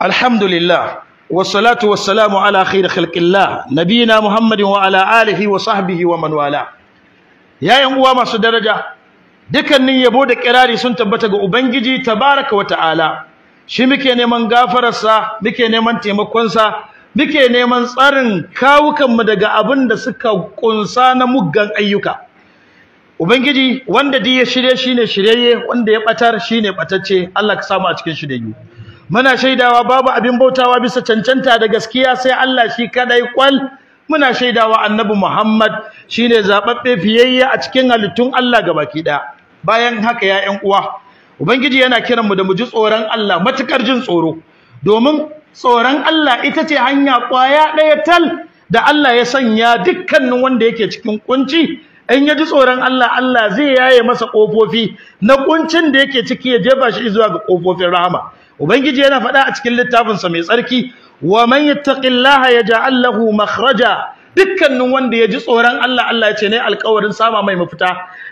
alhamdulillah wassalatu wassalamu ala khairi khalqillah nabiyina muhammadin wa ala alihi wa sahbihi wa man wala yayin uwa masu daraja dukannin yabo da kirari sun tabbata ga ubangiji tabaraka wata ala, shi muke neman gafararsa muke neman taimakon sa, muke neman tsarin kawukanmu daga abin da suka kunsa na muggan ayyuka ubangiji wanda duk ya shirye shine shiryayye wanda ya batar shine batacce Allah ka samu a cikin shiryayyu muna shaidawa babu abin bautawa bisa cancanta da gaskiya sai Allah shi kadai kwal muna shaidawa annabi Muhammad shine zababbe fiyayya a cikin halittun Allah gabaki daya bayan haka ya ƴan uwa ubangiji yana kiran mu da mu ji tsoron Allah matukar jin tsoro domin tsoron Allah ita ce hanya kwaya daya tal da Allah ya sanya dukkanin wanda yake cikin kunci in ya ji tsoron Allah Allah zai yaye masa kofofi na kuncin da yake ciki ya jefa shi zuwa ga kofofin rahama ubangiji yana faɗa a cikin littafinsa mai tsarki wa man yattaqillaha yaj'al lahu makhraja dukkanin wanda ya ji tsoron Allah Allah ya ce ne alƙawarin sama mai mafita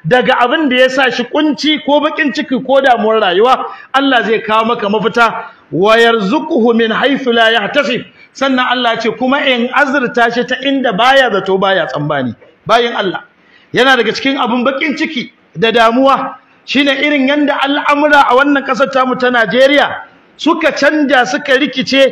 daga abin da ya sa shi kunci ko bakin ciki ko damuwar rayuwa Allah zai kawo maka mafita wa yarzuquhu min haythu la yahtasib sannan Allah ya ce kuma in azurta shi ta inda baya zato baya tsambani bayin Allah yana daga cikin abin bakin ciki da damuwa shine irin yanda al'amura a wannan kasar tamu ta Najeriya suka canja suka rikice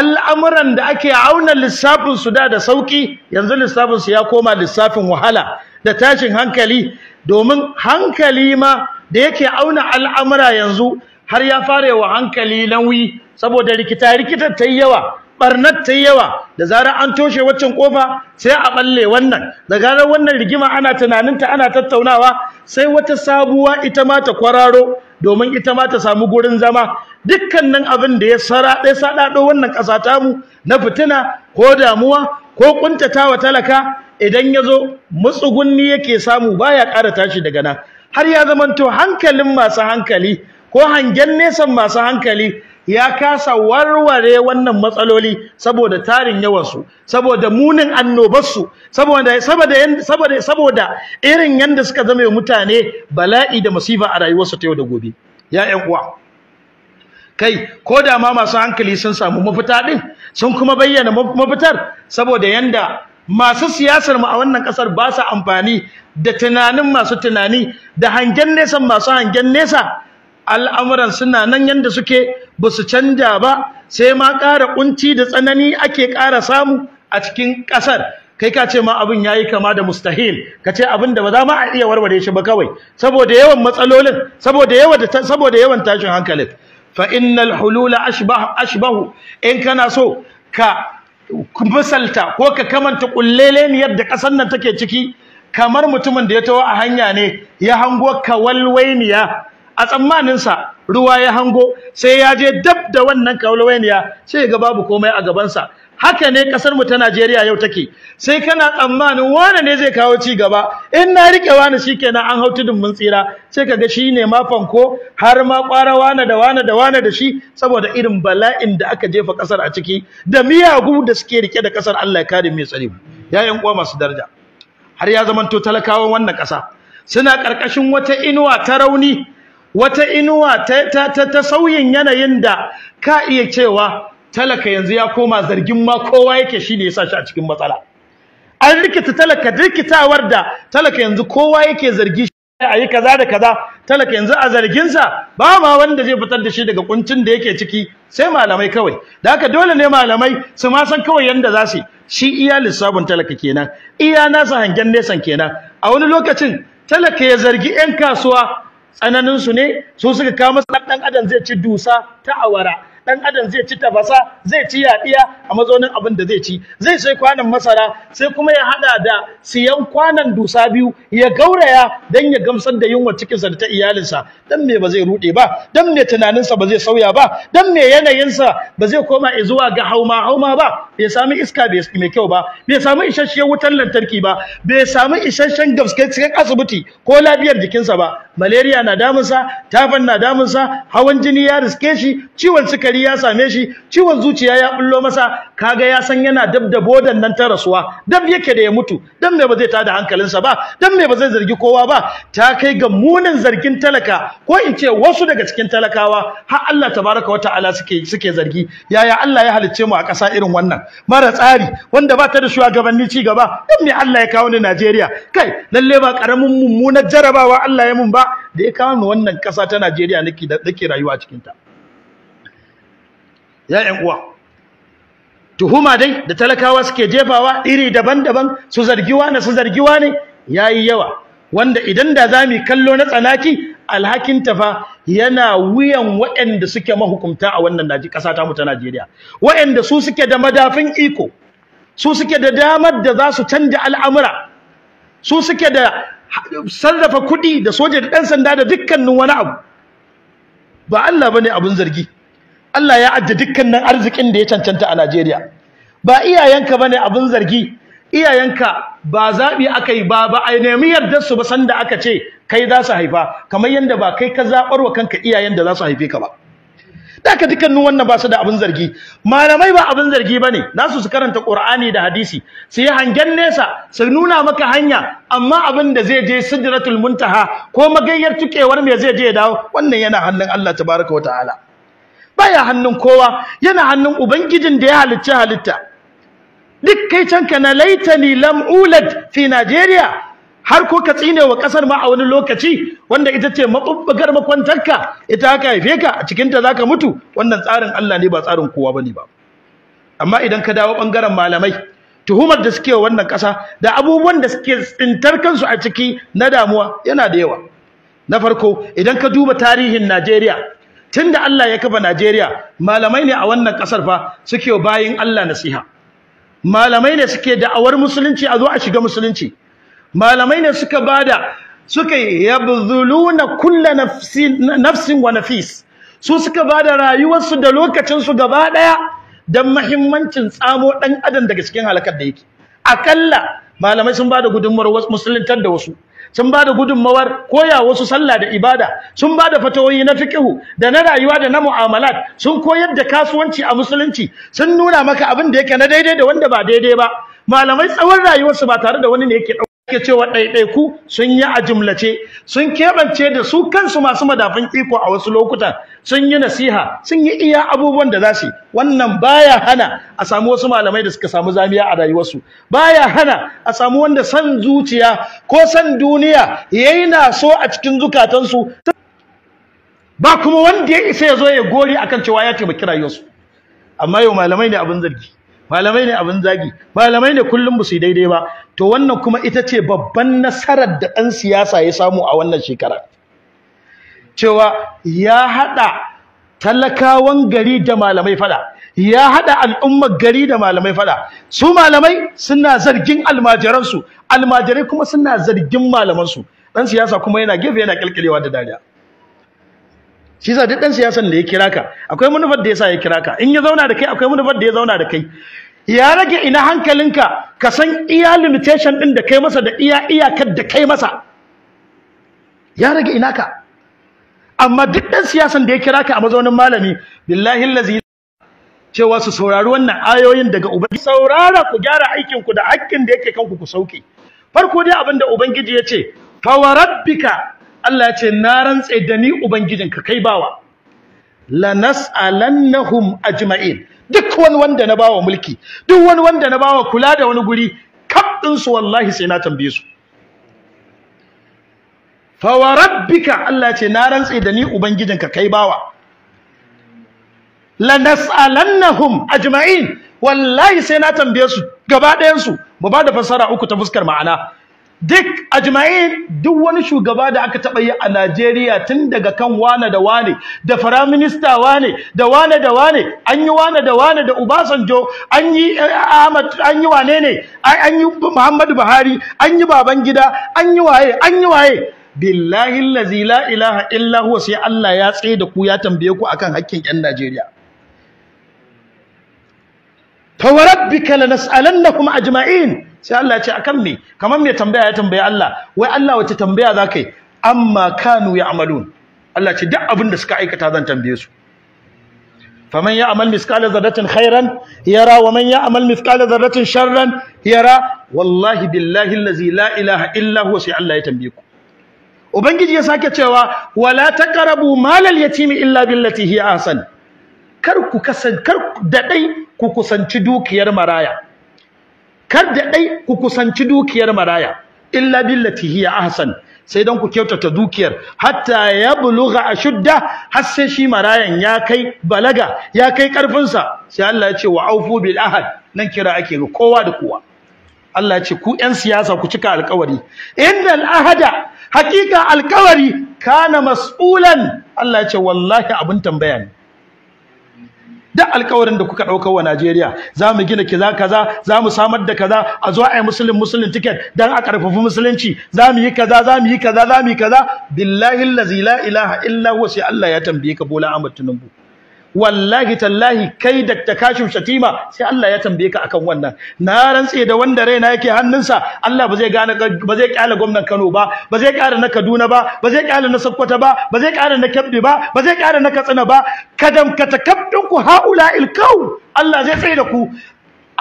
al'amuran da ake auna lissafin su da da sauki yanzu lissafin su ya koma lissafin wahala da tashin hankali domin hankali ma da yake auna al'amura yanzu har ya fara wa hankali nauyi saboda rikita rikitar ta yawa barnat ta yawa da zarar an toshe waccan kofa sai a balle wannan da zarar wannan rigima ana tunaninta ana tattaunawa sai wata sabuwa ita ma ta kwararo domin ita ma ta samu gurin zama dukkanin abin da ya saraɗe saɗaɗo wannan ƙasa tamu na fitina ko damuwa ko ƙuntatawa talaka idan ya zo matsugunni yake samu baya ƙara tashi daga nan har ya zamanto hankalin masu hankali ko hangen nesan masu hankali ya kasa warware wannan matsaloli saboda tarin yawansu saboda munin annobarsu saboda irin yadda suka zama mutane bala'i da masifa a rayuwarsu ta yau da gobe ya ƴan uwa kai ko da ma masu hankali sun samu mafita din sun kuma bayyana mafitar saboda yanda masu siyasar mu a wannan kasar ba su amfani da tunanin masu tunani da hangen nesa masu hangen nesa al'amuran suna nan yanda suke ba su canja ba sai ma ƙara kunci da tsanani ake ƙara samu a cikin ƙasar. kai ka ce ma abin yayi kama da mustahil ka ce abin da ba za ma a iya warware shi ba kawai saboda yawan matsalolin saboda yawan tashin hankalin fa innal hulula ashbah ashbahu in kana so ka misalta ko ka kamanta kullelen yadda kasar nan take ciki kamar mutumin da ya tawo a hanya ne ya hango kawalwainiya a tsammaninsa ruwa ya hango sai ya je dab da wannan kawal-wainiya, sai ga babu komai a gabansa haka ne kasar mu ta Najeriya yau take sai kana tsammanin wane ne zai kawo ci gaba in na rike wani shikenan an hau tudun mun tsira sai kaga shi ne ma fanko har ma kwara wane da wane da wane da shi saboda irin bala'in da aka jefa kasar a ciki da miyagu da suke rike da kasar Allah ya kare mu ya tsare mu yayin masu daraja har ya zamanto talakawan wannan kasa suna karkashin wata inuwa ta rauni wata inuwa ta ta, ta sauyin yanayin da ka iya cewa talaka yanzu ya koma zargin ma kowa yake shi ne ya sa shi a cikin matsala an rikita talaka rikitawar da talaka yanzu kowa yake zargi a yi kaza da kaza talaka yanzu a zarginsa ba ma wanda zai fitar da shi daga kuncin da yake ciki sai malamai kawai da haka dole ne malamai su ma san kawai yanda za su shi iya lissafin talaka kenan iya nasa hangen nesan kenan a wani lokacin talaka ya zargi 'yan kasuwa tsananinsu ne su suka kawo masa ɗan adam zai ci dusa ta awara dan adam zai ci tafasa zai ci yaɗiya a mazaunin abin da zai ci zai sai kwanan masara sai kuma ya hada da siyan kwanan dusa biyu ya gauraya dan ya gamsar da yunwar cikinsa da ta iyalinsa dan me ba zai rude ba dan me tunaninsa ba zai sauya ba dan me yanayinsa ba zai koma zuwa ga hauma hauma ba bai sami iska mai kyau ba bai sami isasshen wutar lantarki ba bai sami isasshen gaskiyar asibiti ko lafiyar jikinsa ba malaria na damunsa tafan na damunsa hawan jini ya riske shi ciwon sukari ya same shi ciwon zuciya ya bullo masa kaga ya san yana dab da bodan nan ta rasuwa dab yake da ya mutu dan me ba zai tada hankalinsa ba dan me ba zai zargi kowa ba ta kai ga munin zargin talaka ko in ce wasu daga cikin talakawa har Allah tabaraka wa ta'ala suke suke zargi yaya Allah ya halicce mu a ƙasa irin wannan mara tsari wanda ba ta da shugabanni ci gaba dan me Allah ya kawo ni Najeriya kai lalle ba karamin mummunar jarabawa Allah ya mun ba da ya kawo ni wannan ƙasa ta Najeriya nake nake rayuwa cikin ta ya ƴan uwa tuhuma dai da talakawa suke jefawa iri daban-daban su zargiwa na su zargiwa ne yayi yawa wanda idan da zamu kallo na tsanaki alhakin tafa yana wuyan waɗanda suke mahukumta a wannan naji ƙasa ta mu Najeriya waɗanda su suke da madafin iko su suke da damar da za su canja al'amura su suke da sarrafa kuɗi da soja da ɗan sanda da dukkanin wani abu ba Allah bane abun zargi Allah ya ajiye dukkanin arzikin da ya cancanta a Najeriya ba iyayenka bane abin zargi iyayenka ba zaɓi aka yi ba ba a nemi yardar su ba sanda aka ce kai za su haifa kamar yadda ba kai ka zaɓar wa kanka iyayen da za su haife ka ba Daka dukkanin wannan ba su da abin zargi. Malamai ba abin zargi ba ne, nasu su karanta Ƙur'ani da hadisi, su yi hangen nesa, su nuna maka hanya, amma abin da zai je sidratul muntaha ko magayyar tukewar me zai je ya dawo, wannan yana hannun Allah tabaraka wa ta'ala. baya hannun kowa yana hannun ubangijin da ya halicci halitta duk kai can ka na laitani lam ulad fi Najeriya har ko ka tsine wa kasar ma a wani lokaci wanda ita ce mabubbugar makwantarka ita haka haife ka a cikin ta zaka mutu wannan tsarin Allah ne ba tsarin kowa bane ba amma idan ka dawo bangaren malamai tuhumar da suke wannan kasa da abubuwan da suke tsintar kansu a ciki na damuwa yana da yawa na farko idan ka duba tarihin Najeriya tunda Allah ya kafa Najeriya malamai ne a wannan ƙasar fa suke bayin Allah nasiha malamai ne suke da'awar musulunci a zo a shiga musulunci malamai ne suka bada suka yabdhuluna kullu nafsin nafsin wa nafis su suka bada rayuwarsu da lokacinsu gaba daya dan muhimmancin tsamo dan adam daga cikin halakar da yake akalla malamai sun bada gudunmuwar musuluntar da wasu sun bada gudunmawar koya wasu sallah da ibada sun bada fatawoyi na fiqhu da na rayuwa da na mu'amalat sun koyar da kasuwanci a musulunci sun nuna maka abin da yake na daidai da wanda ba daidai ba malamai tsawon rayuwarsu ba tare da wani ne yake ke cewa ɗaiɗaiku sun yi a jimlace, sun keɓance da su kansu masu madafin iko a wasu lokutan sun yi nasiha sun yi iya abubuwan da za su wannan baya hana a samu wasu malamai da suka samu zamiya a rayuwarsu baya hana a samu wanda san zuciya ko san duniya yi na so a cikin zukatansu ba kuma wanda ya isa ya zo ya gori akan cewa ya taimaki rayuwarsu amma yau malamai ne abin zargi malamai ne abin zagi malamai ne kullum ba su yi daidai ba to wannan kuma ita ce babban nasarar da ɗan siyasa ya samu a wannan shekara cewa ya haɗa talakawan gari da malamai fada ya haɗa al'ummar gari da malamai fada su malamai suna zargin almajiransu almajirai kuma suna zargin malamansu ɗan siyasa kuma yana gefe yana ƙyalƙyalewa da dariya shi yasa duk dan siyasan da ya kira ka akwai manufar da yasa ya kira ka in ya zauna da kai akwai manufar da ya zauna da kai ya rage ina hankalinka ka san iya limitation din da kai masa da iya iyakar da kai masa ya rage ina ka amma duk dan siyasan da ya kira ka a mazaunin malami billahi allazi cewa su saurari wannan ayoyin daga ubangiji saurara ku gyara aikin ku da hakkin da yake kanku ku sauke farko dai abin da ubangiji ya ce fa warabbika Allah ya ce na rantse da ni ubangijinka kai bawa La lanas'alannahum ajma'in duk wani wanda na bawa mulki duk wani wanda na bawa kula da wani guri kaf din su wallahi sai na tambaye su fa wa rabbika Allah ce na rantse da ni ubangijinka kai bawa La lanas'alannahum ajma'in wallahi sai na tambaye su gaba ɗayan su mu ba da fassara uku ta fuskar ma'ana duk ajma'in duk wani shugaba da aka taɓa yi a Najeriya tun daga kan wane da wane da firaminista wane da wane da wane an yi wane da wane da Obasanjo an yi eh, Ahmad an yi wane ne an yi Muhammadu Buhari an yi Babangida an yi waye an yi waye billahi allazi la ilaha illa huwa sai Allah ya tsaye da ku ya tambaye ku akan hakkin ƴan Najeriya fa warabbika lanas'alannahum ajma'in sai Allah ya ce akan me kamar me tambaya ya tambaye Allah wai Allah wace tambaya za yi amma kanu ya'malun Allah ce duk abin da suka aikata zan tambaye su faman ya'mal miskala zarratin khairan yara wa man ya'mal miskala zarratin sharran yara wallahi billahi allazi la ilaha illa huwa sai Allah ya tambaye ku ubangiji ya sake cewa wala taqrabu malal yatimi illa billati hi ahsan kar ku kasan kar da dai ku kusanci dukiyar maraya kar da dai ku kusanci dukiyar maraya illa billati hiya ahsan sai dan ku kyautata dukiyar hatta yablugha ashudda har sai shi marayan ya kai balaga ya kai karfin sa sai Allah ya ce wa aufu bil ahad nan kira ake ga kowa da kowa Allah ya ce ku ƴan siyasa ku cika alƙawari innal ahada haqiqa alƙawari kana mas'ulan Allah ya ce wallahi abun tambaya ne duk alkawarin da kuka ɗauka wa Najeriya za mu gina kaza kaza za mu samar da kaza a zo a yi musulun musulun ticket don a ƙarfafi musulunci za mu yi kaza za mu yi kaza za mu yi kaza billahi allazi la ilaha illa huwa sai Allah ya tambaye ka Bola Ahmad Tinubu wallahi tallahi kai da takashum shatima sai Allah ya tambaye ka akan wannan na rantse da wanda raina yake hannunsa Allah ba zai gane ba zai kyale gwamnan Kano ba ba zai kyale na Kaduna ba ba zai kyale na Sokoto ba ba zai kyale na Kebbi ba ba zai kyale na Katsina ba kadam ka takabbin ku haula'il qaum Allah zai tsaye da ku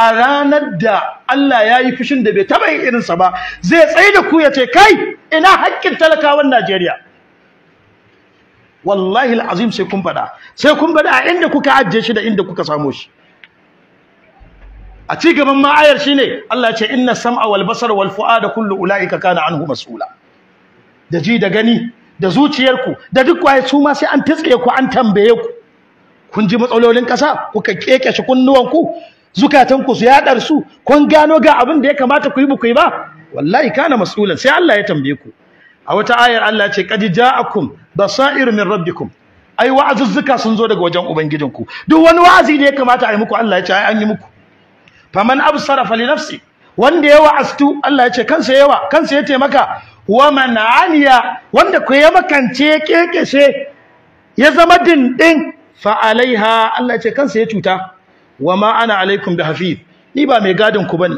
a ranar da Allah ya yi fushin da bai taɓa yin irinsa ba zai tsaye da ku ya ce kai ina haƙƙin talakawan Najeriya wallahi alazim sai kun faɗa sai kun faɗa a inda kuka ajiye shi da inda kuka samu shi a ci gaban ma ayar shine Allah ya ce inna sam'a wal basara wal fu'ada kullu ulaika kana anhu mas'ula da ji da gani da zuciyarku da duk waye su ma sai an fitse ku an tambaye ku kun ji matsalolin ƙasa kuka keke shi kunnuwanku zukatanku su yaɗar su kun gano ga abin da ya kamata ku yi ku yi ba wallahi kana mas'ulan sai Allah ya tambaye ku a wata ayar Allah ce qad ja'akum basairu min rabbikum ai wa'azuzzuka sun zo daga wajen ubangijinku duk wani wa'azi ne ya kamata a yi muku Allah ya ce ai an yi muku faman absara li nafsi wanda ya wa'astu Allah ya ce kansa yawa kansa ya taimaka wa man aniya wanda ku ya makance ya ya zama dindin fa alaiha Allah ya ce kansa ya cuta wa ma ana alaikum bi hafiz ni ba mai gadin ku bane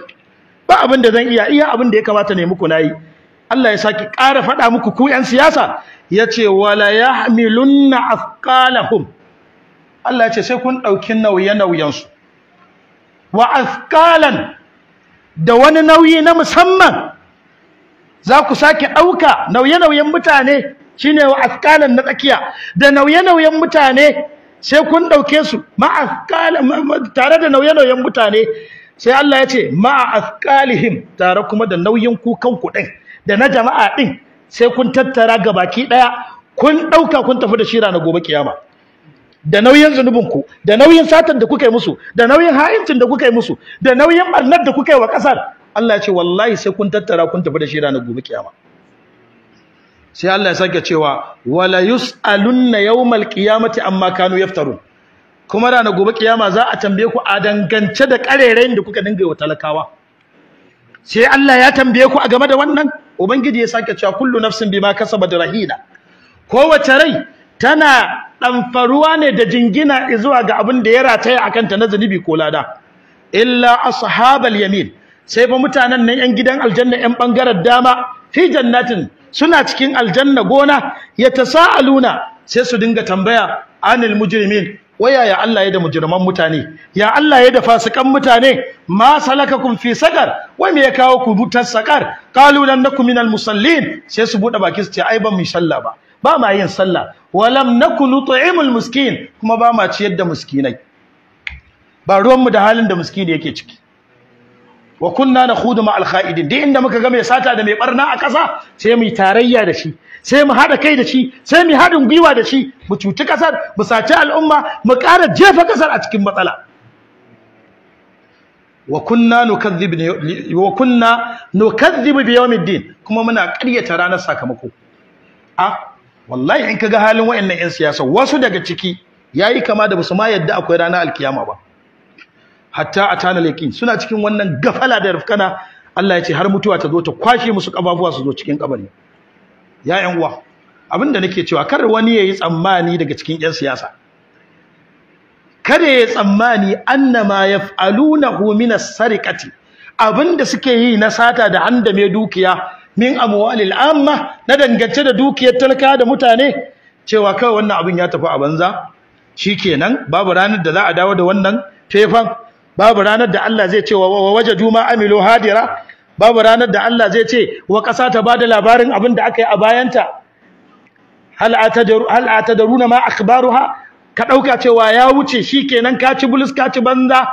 ba abin da zan iya iya abin da ya kamata ne muku nayi Allah ya saki ƙara faɗa muku ku ƴan siyasa ce wala ya hamilunna afqalahum Allah ce sai kun ɗauki nauye nauyen su wa afqalan da wani nauyi na musamman za ku sake ɗauka nauye nauyen mutane shine wa afqalan na tsakiya da nauye nauyen mutane sai kun dauke su tare da nauye nauyen mutane sai Allah ya ce ma afqalihim tare kuma da nauyin kukan kuɗin. da na jama'a din sai kun tattara gabaki daya kun dauka kun tafi da shi ranar gobe kiyama da nauyin zunubin ku da nauyin satan da kuka yi musu da nauyin ha'incin da kuka yi musu da nauyin barnar da kuka yi wa kasar Allah ya ce wallahi sai kun tattara kun tafi da shi ranar gobe kiyama sai Allah ya sake cewa wala yusalunna yawmal qiyamati amma kanu yaftarun kuma ranar gobe kiyama za a tambaye ku a dangance da karerayin da kuka dinga wa talakawa sai Allah ya tambaye ku a game da wannan ubangiji ya sake cewa kullu nafsin bima da rahina kowace rai tana ɗamfaruwa ne da jingina zuwa ga abin da ya rataya a kanta na zunubi ko lada illa ashabal yamin sai ba mutanen nan yan gidan aljanna yan bangaren dama fi jannatin suna cikin aljanna gona ya yatasaaluna sai su dinga tambaya anil mujrimin waya ya Allah ya da mujirman mutane ya Allah ya da fasikan mutane ma salakakum fi sakar wai me ya kawo ku butar sakar qalu lan nakum minal musallin sai su bude baki su ce ai ban mu sallah ba ba ma yin sallah walam nakum nut'imul miskin kuma ba ma ciyar da miskinai ba ruwan mu da halin da miskini yake ciki wa kunna nakhudu ma al-kha'idin duk inda muka ga mai sata da mai barna a ƙasa sai mu tarayya da shi sai mu hada kai da shi sai mu hadin gwiwa da shi mu cuci kasar mu saci al'umma mu ƙara jefa kasar a cikin matsala wa kunna nukadhib wa kunna nukadhib bi yawmiddin kuma muna ƙaryata ranar sakamako a wallahi in kaga halin wayannan yan siyasa wasu daga ciki yayi kama da basu ma yadda akwai ranar alkiyama ba hatta atana yaqin suna cikin wannan gafala da rufkana. Allah ya ce har mutuwa ta zo ta kwashe musu kafafuwa su zo cikin kabari ya yan uwa abinda nake cewa kar wani yayi tsammani daga cikin yan siyasa kar yayi tsammani annama yaf'alunahu min as-sariqati abinda suke yi na sata da handame dukiya min amwalil amma na dangance da dukiyar talaka da mutane cewa kawai wannan abin ya tafi a banza shikenan babu ranar da za a dawo da wannan fefan babu ranar da Allah zai ce wa wajadu ma amilu hadira babu ranar da Allah zai ce wa ƙasa ta bada labarin abin da aka yi a bayanta hal atadaruna ma akhbaruha ka dauka cewa ya wuce shikenan ka ci bulus ka ci banza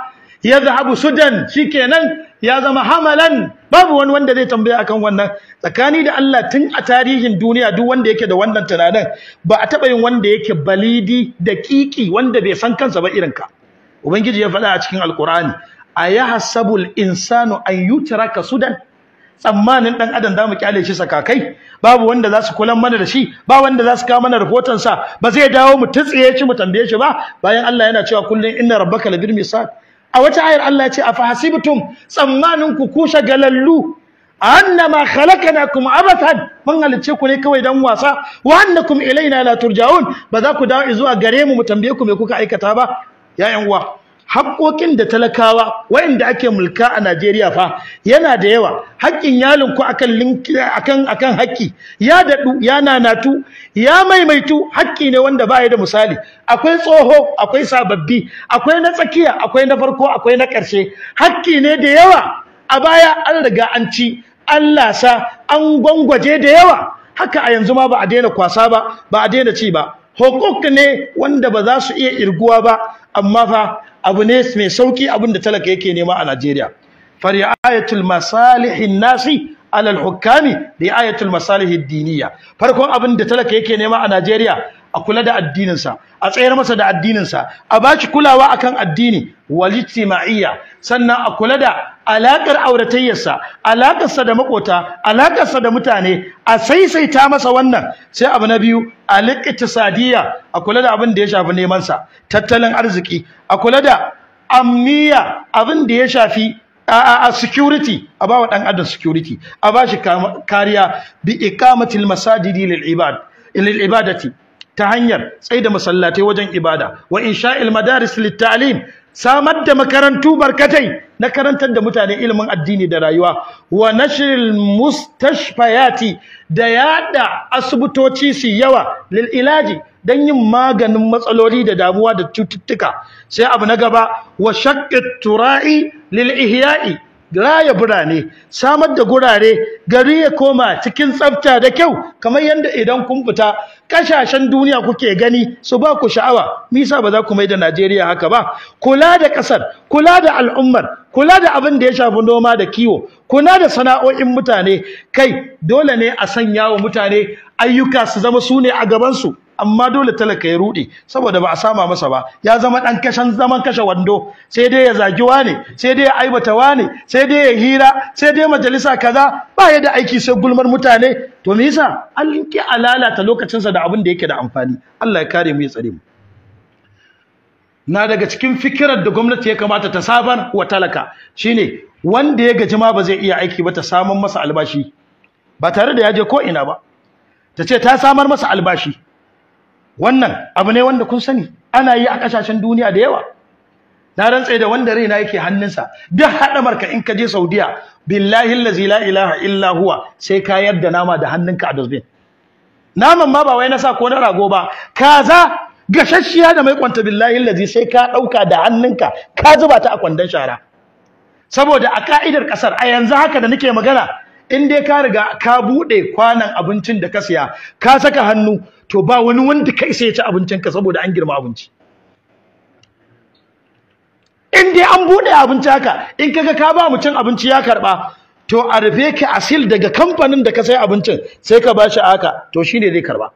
ya zahabu sudan shikenan ya zama hamalan babu wani wanda zai tambaya akan wannan tsakani da Allah tun a tarihin duniya duk wanda yake da wannan tunanin ba a taba yin wanda yake balidi da kiki wanda bai san kansa ba irin ka ubangiji ya faɗa a cikin alqur'ani ayahsabul insanu an yutraka sudan tsammanin dan adam zamu kyale shi sakakai babu wanda za su mana da shi ba wanda za su kawo mana rahoton sa ba zai dawo mu tsiye shi mu tambaye shi ba bayan Allah yana cewa kullun inna rabbaka labil misal a wata ayar Allah ya ce afahasibtum tsammanin ku kusha galallu annama khalaqnakum abathan mun halice ku ne kawai dan wasa wa annakum ilaina la turja'un ba za ku dawo zuwa gare mu mu tambaye ku me kuka aikata ba ya uwa haƙoƙin da talakawa wayanda ake mulka a Najeriya fa yana da yawa haƙƙin yalin ku akan akan akan haƙƙi ya dadu ya nanatu ya maimaitu haƙƙi ne wanda ba ya da misali akwai tsoho akwai sababbi akwai na tsakiya akwai na farko akwai na ƙarshe haƙƙi ne da yawa a baya an riga an ci an lasa an gwangwaje da yawa haka a yanzu ma ba a daina kwasa ba ba a daina ci ba hukuk ne wanda ba za su iya irguwa ba amma fa abu ne mai sauki abin da talaka yake nema a Najeriya fari'ayatul masalihin nasi alal hukami ri'ayatul masalihin diniya farkon abin da talaka yake nema a Najeriya a kula da addininsa a tsayar masa da addinin sa a baki kulawa akan addini wal sannan a kula da Alaƙar auratayyarsa alaƙarsa da makota alakarsa da mutane a saisaita masa wannan sai abu na biyu aliqtisadiya a kula da abin da ya shafi neman sa tattalin arziki a kula da amniya abin da ya shafi a security a bawa dan adam security a ba shi kariya bi iqamatil masajidi lil ibad lil ibadati ta hanyar tsaida masallatai wajen ibada wa insha'il madaris lit ta'lim samar da makarantu barkatai na karantar da mutane ilimin addini da rayuwa wa nashril mustashfayati da yada asibitoci su yawa lil ilaji dan yin maganin matsaloli da damuwa da cututtuka sai abu na gaba wa shaqqat turai lil ihya'i raya birane samar da gurare gari ya koma cikin tsafta da kyau kamar yadda idan kun fita kashashen duniya kuke gani su ba ku sha'awa misa ba za ku mai da Najeriya haka ba kula da ƙasar kula da al'ummar kula da abin da ya shafi noma da kiwo kula da sana'o'in mutane kai dole ne a sanya wa mutane ayyuka su zama su ne a gabansu amma dole talaka ya rude saboda ba a sama masa ba ya zama dan kashan zaman kashe wando sai dai ya zagi wane sai dai ya aibata wane sai dai ya hira sai dai majalisa kaza ba ya da aiki sai gulmar mutane to me yasa an alala ta lokacin sa da abin da yake da amfani Allah ya kare mu ya tsare mu na daga cikin fikirar da gwamnati ya kamata ta sabar wa talaka shine wanda ya gaji ma ba zai iya aiki ba ta samun masa albashi ba tare da ya je ko ina ba ta ce ta samar masa albashi wannan abu ne wanda kun sani ana yi a kasashen duniya da yawa na rantse da wanda raina yake hannunsa duk haɗa marka in ka je Saudiya billahi allazi la ilaha illa huwa sai ka yarda nama da hannunka a dusbin naman ma ba wai na sa ko na rago ba kaza gashashiya da mai kwanta billahi lazi sai ka ɗauka da hannunka ka zuba ta a kwandon shara saboda a ka'idar ƙasar a yanzu haka da nake magana in dai ka riga ka buɗe kwanan abincin da ka siya ka saka hannu to ba wani wanda kai sai ya ci abincin ka saboda an girma abinci in dai an buɗe abinci haka in kaga ka ba mutum abinci ya karba to a rufe ka asil daga kamfanin da ka sai abincin sai ka bashi haka to shi shine zai karba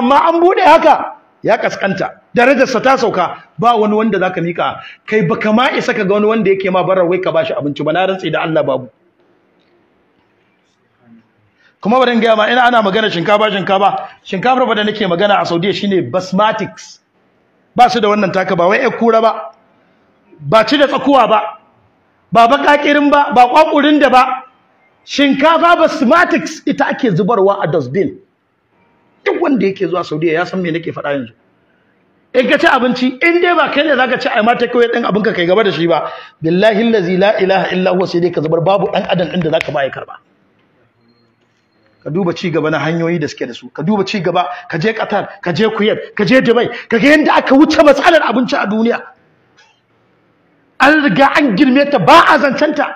amma an buɗe haka ya kaskanta darajarsa ta sauka ba wani wanda zaka mika kai baka ma isa ka ga wani wanda yake ma barar wai ka bashi abinci ba na rantsi da Allah babu kuma bari in gaya ma ina ana magana shinkafa shinkafa shinkafar ba da nake magana a Saudiya shine basmatics ba su da wannan taka ba wai ai kura ba ba ci da tsakuwa ba ba bakakirin ba ba kwakurin da ba shinkafa basmatics ita ake zubarwa a dustbin duk wanda yake zuwa Saudiya ya san me nake faɗa yanzu in ka ci abinci in dai ba kai ne zaka ci ai ma take din abinka kai gaba da shi ba billahi allazi la ilaha illa huwa sai dai ka zubar babu dan adam din da zaka ba ya karba ka duba ci gaba na hanyoyi da suke da su ka duba ci gaba ka je Qatar ka je Kuwait ka je Dubai ka ga yanda aka wuce matsalar abinci a duniya an riga an girme ta ba a zancanta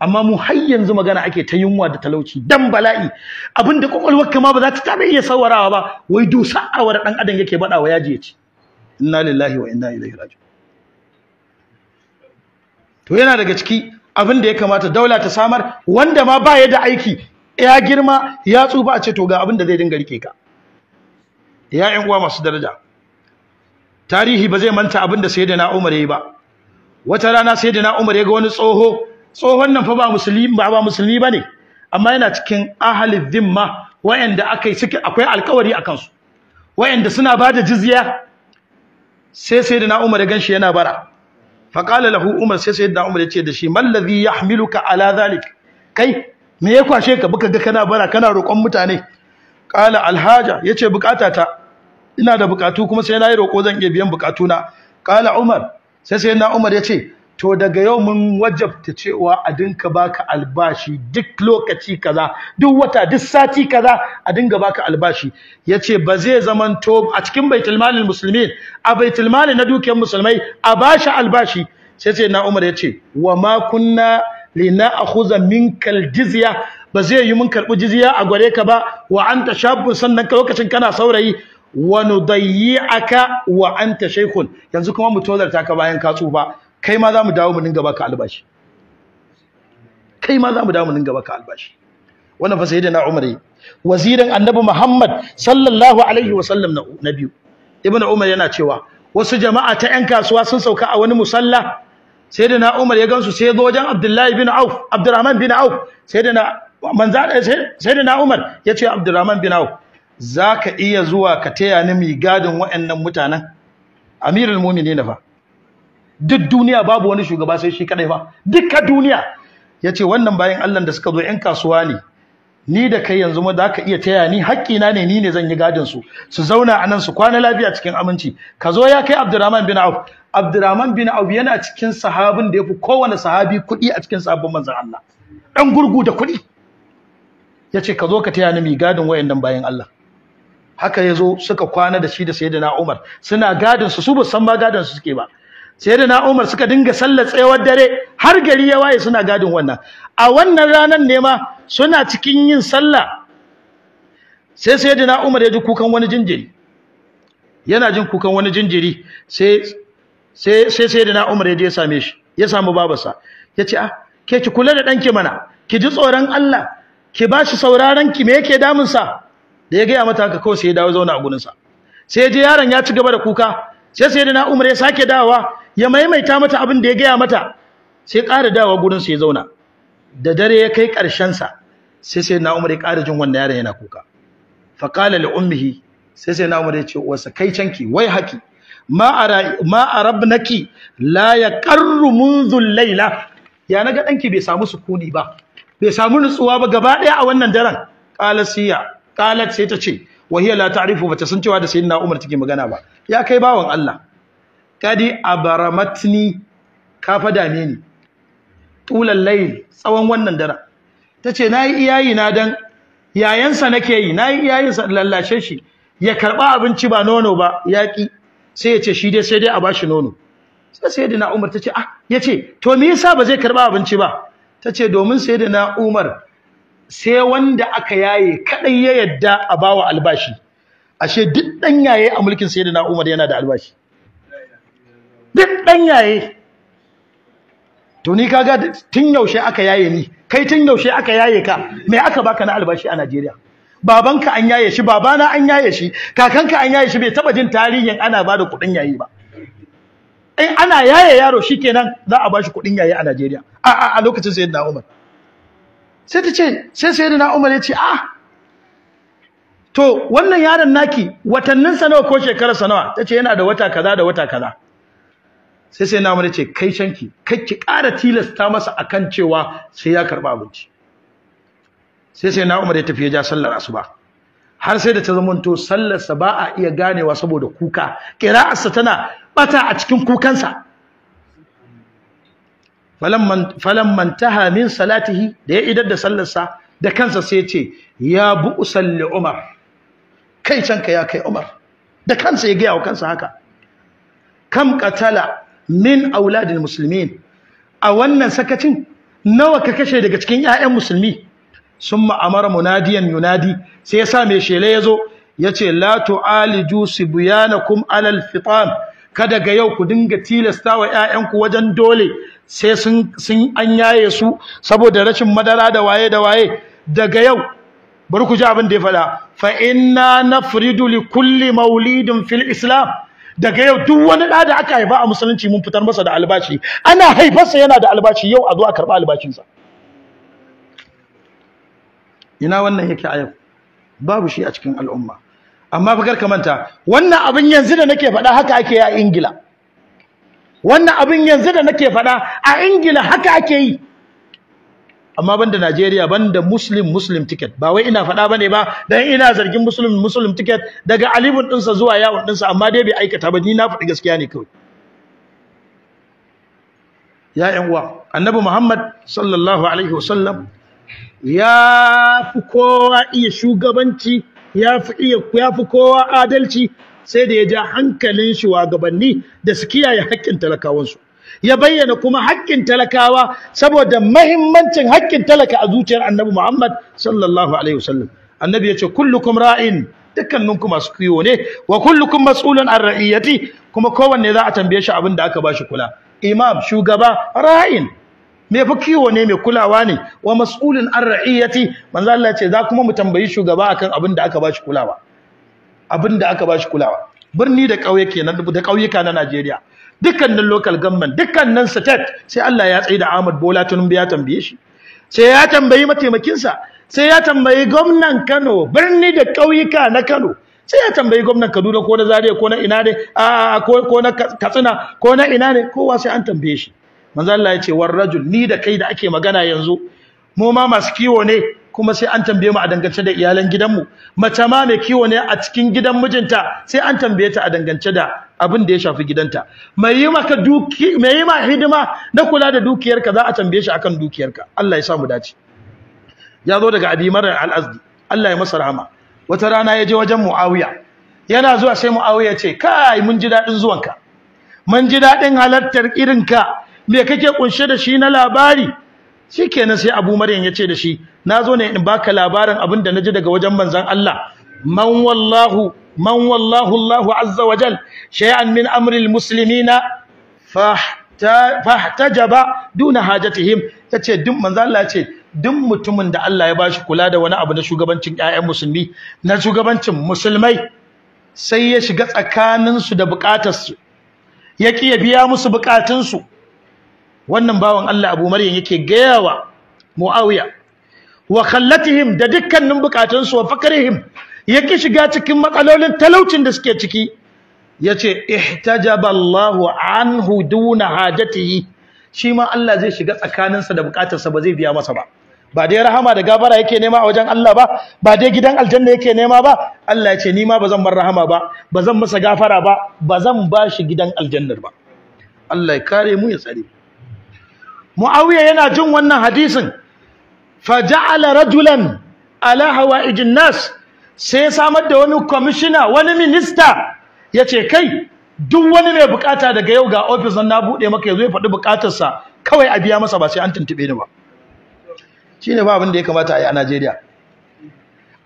amma mu har yanzu magana ake ta yunwa da talauci dan bala'i da kwakwalwar kama ba za ta taɓa iya sawarawa ba wai dusa awar dan adam yake bada wa yaji ya ci inna lillahi wa inna ilaihi raji'un to yana daga ciki abin da ya kamata daula ta samar wanda ma ba ya da aiki ya girma ya tsufa a ce to ga abin da zai dinga rike ka ya yan uwa masu daraja tarihi ba zai manta abin da sayyidina Umar yayi ba wata rana sayyidina Umar ya ga wani tsoho tsohon nan fa ba musulmi ba ba musulmi bane amma yana cikin ahli dhimma wayanda akai suke akwai alkawari akan su wayanda suna bada jizya sai sayyidina Umar ya gan ganshi yana bara faqala lahu umar sai sayyidina umar ya ce da shi mallazi ka ala zalik kai me ya kwashe ka baka ga kana bara kana roƙon mutane qala alhaja yace buƙata ta ina da bukatu kuma sai nayi roƙo zan iya biyan na. qala umar sai na umar ya ce to daga yau mun wajabta cewa a dinka baka albashi duk lokaci kaza duk wata duk sati kaza a dinga baka albashi yace ba zai zaman to a cikin baitul musulmi a baitul na dukiyar musulmai a bashi albashi sai Na'umar na umar yace wa ma kunna lina'khudha min kaljiziya ba zai yi mun karbi jiziya a gware ka ba wa anta shabun sannan ka lokacin kana saurayi wa aka wa ta shaikun? yanzu kuma mu tozarta ka bayan ka tsufa kai ma za mu dawo mu dinga baka albashi kai ma za mu dawo mu dinga baka albashi wannan fa sayyidina Umar wazirin annabi Muhammad sallallahu alaihi wa sallam na biyu ibn Umar yana cewa wasu jama'a ta yan kasuwa sun sauka a wani musalla sayyidina Umar ya gansu sai zo wajen Abdullahi bin Auf Abdurrahman bin Auf sayyidina manzo sayyidina Umar ya ce Abdurrahman bin Auf ka iya zuwa ka taya ni mi gadin waɗannan mutanen amirul mu'minin fa duk duniya babu wani shugaba sai shi kadai ba dukka duniya yace wannan bayan Allah da suka zo yan kasuwa ne ni da kai yanzu ma da ka iya taya ni na ne ni ne zan yi gadin su su zauna anan su kwana lafiya cikin aminci ka zo ya kai Abdurrahman bin Auf Abdurrahman bin Auf yana cikin sahabin da yafi kowane sahabi kuɗi a cikin sahabban manzon Allah dan gurgu da kuɗi yace ka zo ka taya ni mi gadin wayannan bayan Allah haka yazo suka kwana da shi da Sayyidina Umar suna gadin su su ba san ba gadin su suke ba Sai na Umar suka dinga sallar tsayawar dare har gari ya waye suna gadin wannan a wannan ranar ne ma suna cikin yin sallah sai sai na Umar ya ji kukan wani jinjiri yana jin kukan wani jinjiri sai sai sai na Umar ya je ya same shi ya samu babarsa ce ah ke ki kula da danki mana ki ji tsoron Allah ki bashi sauraron ki me yake damunsa? da ya gaya mata haka kawai sai ya dawo zauna a gurinsa, sai ya je yaron ya ci gaba da kuka sai sai na Umar ya sake dawowa ya maimaita mata abin da ya gaya mata sai ƙara dawa gurin su ya zauna da dare ya kai ƙarshen sa sai sai na umar ya ƙara jin wannan yaron yana kuka fa qala li ummihi sai sai na umar ya ce uwarsa kai canki wai haki ma ara ma arabnaki la yaqarru منذ Laila. ya naga danki bai samu sukuni ba bai samu nutsuwa ba gaba daya a wannan daren qala siya qalat sai ta ce hiya la ta'rifu bata san cewa da sayyidina Umar take magana ba ya kai bawan Allah kadi abaramatni ka dame ni tulal layl tsawon wannan dara tace nayi iyayi na dan yayansa nake yi nayi iyayensa lallashe shi ya karba abinci ba nono ba yaki sai ya ce shi dai sai dai a bashi nono sai sayyidina Umar tace ah yace to me yasa ba zai karba abinci ba tace domin sayyidina Umar sai wanda aka yaye kadai ya yadda a bawa albashi ashe duk dan yaye a mulkin sayyidina Umar yana da albashi duk ɗan yaye to ni kaga tun yaushe aka yaye ni kai tun yaushe aka yaye ka mai aka baka na albashi a Najeriya babanka an yaye shi babana an yaye shi kakanka an yaye shi bai taba jin tarihin ana bada kuɗin yayi ba in ana yaye yaro shi nan za a bashi kuɗin yaye a Najeriya a a, a lokacin na Umar sai ta ce sai na Umar ya ce a ah, to wannan yaron naki watanninsa nawa ko shekararsa nawa? Ta ce yana da wata kaza da wata kaza sai sai na mana ce kai shanki kai ki ƙara tilasta masa akan cewa sai ya karba abinci sai sai na umar ya tafi ya ja sallar asuba har sai da ta zamanto sa ba a iya ganewa saboda kuka ƙira'arsa tana bata a cikin kukansa falamman taha min salatihi da ya idar da sallarsa da kansa sai ce ya bu'u salli umar kai canka ya kai umar da kansa ya gaya wa kansa haka kam katala min auladin musulmin a wannan sakacin nawa ka kashe daga cikin 'ya'yan musulmi sun ma'amara munadiyan yunadi sai ya sa mai shele yazo yace la tu'aliju sibyanakum alal fitan kada ga yau ku dinga tilasta wa ƴaƴanku wajen dole sai sun sun an yaye su saboda rashin madara da waye da waye daga yau bari ku ji abin da ya faɗa fa inna nafridu li kulli maulidin fil islam daga yau duk wani ɗa da aka haifa a musulunci mun fitar masa da albashi ana haifarsa yana da albashi yau a zo a karɓa albashinsa ina wannan yake a yau babu shi a cikin al'umma amma fa kar manta wannan abin yanzu da nake faɗa haka ake yi a ingila wannan abin yanzu da nake faɗa a ingila haka ake yi amma banda Najeriya banda Muslim Muslim ticket ba wai ina faɗa bane ba dan ina zargin Muslim Muslim ticket daga alibun dinsa zuwa yawon dinsa amma dai bai aikata ba ni na faɗi gaskiya ne kawai ya ƴan uwa annabi Muhammad sallallahu alaihi wasallam ya fi kowa iya shugabanci ya fi iya ya fi kowa adalci sai da ya ja hankalin shugabanni da su kiyaye haƙƙin talakawansu ya bayyana kuma haƙƙin talakawa saboda mahimmancin haƙƙin talaka a zuciyar annabi Muhammad sallallahu alaihi wasallam annabi ya ce kullukum ra'in dukkaninku masu kiwo ne wa kullukum mas'ulun an ra'iyati kuma kowanne za a tambaye shi abin da aka shi kula imam shugaba ra'in me fa kiwo ne me kulawa ne wa mas'ulun an ra'iyati manzo Allah ce za kuma mu tambayi shugaba akan abin da aka bashi kulawa abin da aka kulawa birni da ƙauye kenan da ƙauyuka na Najeriya dukkanin local government dukkanin state sai Allah ya tsaye da Ahmad Bola Tinubu ya tambaye shi sai ya tambayi mataimakin sa sai ya tambayi gwamnan Kano birni da ƙauyuka na Kano sai ya tambayi gwamnan Kaduna ko na Zaria ko na ina ne a ko na Katsina ko na ina ne kowa sai an tambaye shi manzo Allah ya ce war rajul ni da kai da ake magana yanzu mu ma masu kiwo ne kuma sai an tambaye mu a dangance da iyalan gidanmu mace ma mai kiwo ne a cikin gidan mijinta sai an tambaye ta a dangance da abin da ya shafi gidanta mai yi maka duki mai yi ma hidima na kula da dukiyarka za a tambaye shi akan dukiyarka Allah ya sa mu dace ya zo daga Abi Marr al-Azdi Allah ya masa rahama wata rana ya je wajen Muawiya yana zuwa sai Muawiya ya ce kai mun ji dadin zuwanka mun ji dadin halartar irinka me kake kunshe da shi na labari shikenan sai Abu Maryam ya ce da shi na zo ne in baka labarin abin da naji daga wajen manzon Allah man wallahu man wallahu Allahu azza wa jal shay'an min amri almuslimina fahtajaba duna hajatihim tace duk manzon Allah ce duk mutumin da Allah ya bashi kula da wani abu na shugabancin ƴaƴan musulmi na shugabancin musulmai sai ya shiga tsakaninsu da bukatarsu ya ki ya biya musu bukatunsu wannan bawan Allah Abu Maryam yake gayawa Muawiya wa kallatihim da dukkanin bukatunsu wa fakarihim yake shiga cikin matsalolin talaucin da suke ciki yace ihtajaba Allahu anhu duna hajatihi shi ma Allah zai shiga tsakaninsa da bukatarsa ba zai biya masa ba ba dai rahama da gabara yake nema a wajen Allah ba ba dai gidan aljanna yake nema ba Allah ya ce ni ma bazan bar rahama ba bazan masa gafara ba bazan ba shi gidan aljannar ba Allah ya kare mu ya tsare muawiya yana jin wannan hadisin fa ja'ala rajulan ala hawaijin nas sai ya samar da wani commissioner wani minister yace kai duk wani mai bukata daga yau ga office na bude maka yazo ya faɗi bukatarsa kawai a biya masa ba sai an tuntube ni ba shine ba abin da ya kamata a yi a Najeriya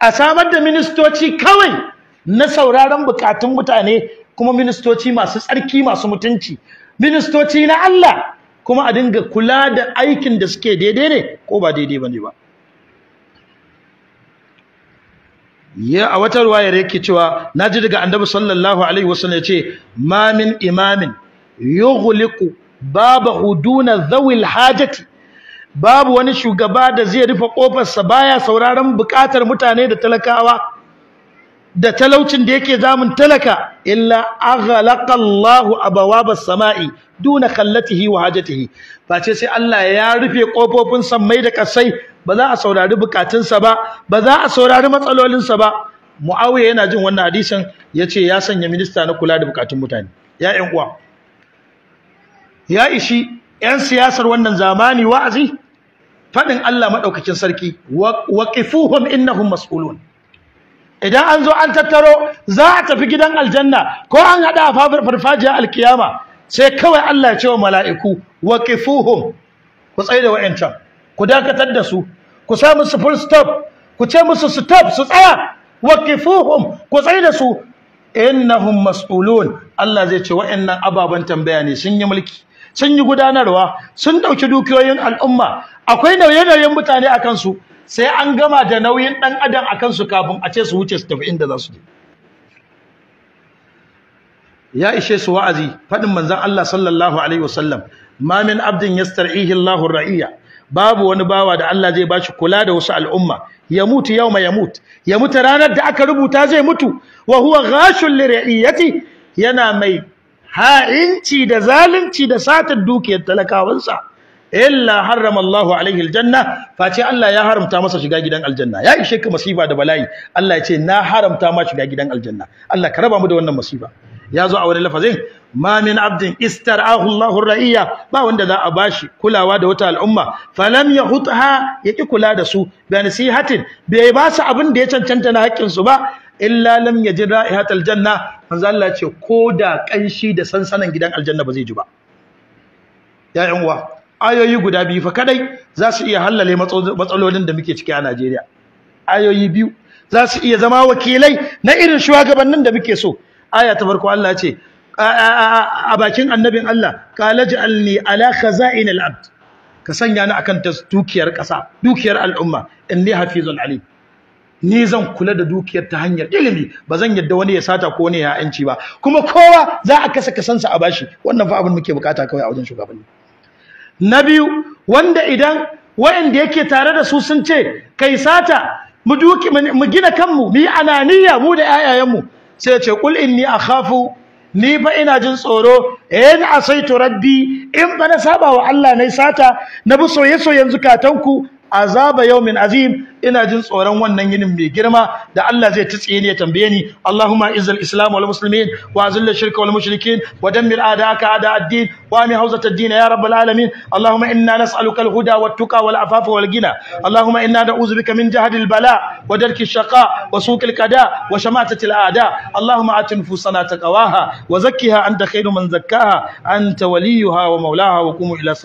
a samar da ministoci kawai na sauraron bukatun mutane kuma ministoci masu tsarki masu mutunci ministoci na Allah kuma a dinga kula da aikin da suke daidai ne ko ba daidai bane ba ya a wata ruwayar yake cewa na ji daga annabi sallallahu alaihi wasallam ce, ma min imamin yughliqu babu Huduna Zawil hajati babu wani shugaba da zai rufe ƙofarsa, baya sauraron bukatar mutane da talakawa da talaucin da yake zamun talaka illa aghlaqa Allahu abawaba samai duna khallatihi wa hajatihi face sai Allah ya rufe kofofin sammai da kasai ba za a saurari bukatunsa ba ba za a saurari matsalolinsa ba Muawiya yana jin wannan hadisin yace ya sanya minista na kula da bukatun mutane ya ƴan uwa ya ishi ƴan siyasar wannan zamani wa'azi fadin Allah madaukakin sarki waqifuhum innahum mas'ulun idan an zo an tattaro za a tafi gidan aljanna ko an haɗa a farfajiyar alkiyama sai kawai Allah ya ce wa mala'iku waqifuhum ku tsaye da wa'ancan ku dakatar da su ku sa musu full stop ku ce musu stop su tsaya waqifuhum ku tsaye da su innahum mas'ulun Allah zai ce wa'annan ababen tambaya ne sun yi mulki sun yi gudanarwa sun ɗauki dukiyoyin al'umma akwai nauye-nauyen mutane a kansu. sai an gama da nauyin ɗan adam a kansu kafin a ce su wuce su tafi inda za su je ya ishe su wa'azi faɗin manzon Allah sallallahu alaihi wasallam ma min abdin yastar'ihi Allahu ra'iya babu wani bawa da Allah zai bashi kula da wasu al'umma ya mutu yau ma ya mutu ya mutu ranar da aka rubuta zai mutu wa huwa ghashul yana mai ha'inci da zalunci da satar dukiyar talakawansa illa harrama Allahu alaihi aljanna face Allah ya haramta masa shiga gidan aljanna ya ishe ka masifa da bala'i Allah ya ce na haramta ma shiga gidan aljanna Allah ka raba mu da wannan masifa ya zo a wani lafazin ma min abdin istar'ahu Allahu ra'iya ba wanda za a bashi kulawa da wata al'umma falam yahutha yaki kula da su bi nasihatin bai ba su abin da ya cancanta na haƙƙin su ba illa lam yajid ra'ihat aljanna manzo Allah ce ko da kanshi da sansanan gidan aljanna ba zai ji ba ya uwa ayoyi guda biyu fa kadai za su iya hallale matsalolin da muke ciki a Najeriya ayoyi biyu za su iya zama wakilai na irin shugabannin da muke so aya ta farko Allah ce a bakin annabin Allah qala ja'alni ala khaza'in al-abd ka sanya ni akan dukiyar ƙasa dukiyar al'umma inni hafizun alim ni zan kula da dukiyar ta hanyar ilimi ba zan yadda wani ya sata ko wani ya yanci ba kuma kowa za a kasa kasansa a bashi wannan fa abin muke bukata kawai a wajen shugabanni na biyu wanda idan waɗanda yake tare da su sun ce kai sata mu duki mu gina kanmu mu yi ananiya mu da ayayenmu sai ya ce qul inni akhafu ni fa ina jin tsoro in asaitu rabbi in ba na saba wa Allah nayi sata na bi soye soyen zukatanku azaba yawmin azim ina jin tsoron wannan yinin mai girma da Allah zai titse ni ya tambaye ni Allahumma izil islam wal muslimin wa azil shirka wal mushrikin wa dammir a'daaka a'da ad-din wa ami hawzat ad-din ya rabbal alamin Allahumma inna nas'aluka al-huda wat tuqa wal afafa wal ghina Allahumma inna na'udhu bika min jahdi bala wa darki ash-shaqa wa suq al-qada wa shamatati al-a'da Allahumma ati nufusana taqwaha wa zakkiha anta khayru man zakkaha anta waliyuha wa mawlaha wa qumu ila